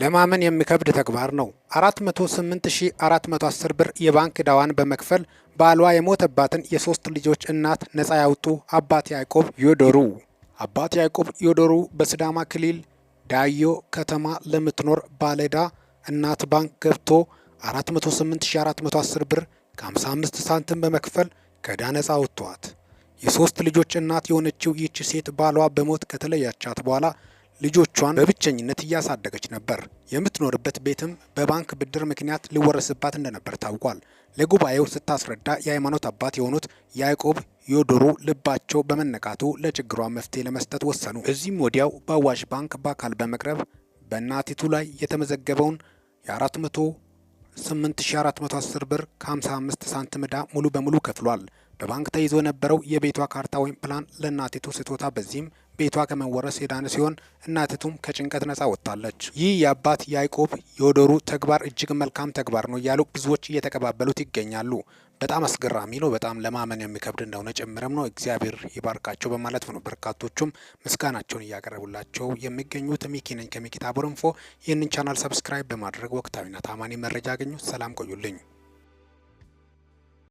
ለማመን የሚከብድ ተግባር ነው። 408410 ብር የባንክ ዕዳዋን በመክፈል ባሏ የሞተባትን የሶስት ልጆች እናት ነፃ ያውጡ አባት ያዕቆብ ዮዶሩ። አባት ያዕቆብ ዮዶሩ በስዳማ ክልል ዳዮ ከተማ ለምትኖር ባለዳ እናት ባንክ ገብቶ 408410 ብር ከ55 ሳንቲም በመክፈል ከዳ ነፃ አውጥቷት የሶስት ልጆች እናት የሆነችው ይህች ሴት ባሏ በሞት ከተለያቻት በኋላ ልጆቿን በብቸኝነት እያሳደገች ነበር። የምትኖርበት ቤትም በባንክ ብድር ምክንያት ሊወረስባት እንደነበር ታውቋል። ለጉባኤው ስታስረዳ የሃይማኖት አባት የሆኑት ያዕቆብ ዮዶሩ ልባቸው በመነካቱ ለችግሯ መፍትሄ ለመስጠት ወሰኑ። እዚህም ወዲያው በአዋሽ ባንክ በአካል በመቅረብ በእናቲቱ ላይ የተመዘገበውን የአራት መቶ 8410 ብር ከ55 ሳንቲም ዕዳ ሙሉ በሙሉ ከፍሏል። በባንክ ተይዞ የነበረው የቤቷ ካርታ ወይም ፕላን ለእናቲቱ ስጦታ። በዚህም ቤቷ ከመወረስ የዳነ ሲሆን እናቲቱም ከጭንቀት ነጻ ወጥታለች። ይህ የአባት ያዕቆብ የወደሩ ተግባር እጅግ መልካም ተግባር ነው እያሉ ብዙዎች እየተቀባበሉት ይገኛሉ። በጣም አስገራሚ ነው። በጣም ለማመን የሚከብድ እንደሆነ ጭምርም ነው። እግዚአብሔር ይባርካቸው በማለት ነው በርካቶቹም ምስጋናቸውን እያቀረቡላቸው የሚገኙት። ሚኪ ነኝ ከሚኪታ ቦረንፎ። ይህንን ቻናል ሰብስክራይብ በማድረግ ወቅታዊና ታማኒ መረጃ አገኙ። ሰላም ቆዩልኝ።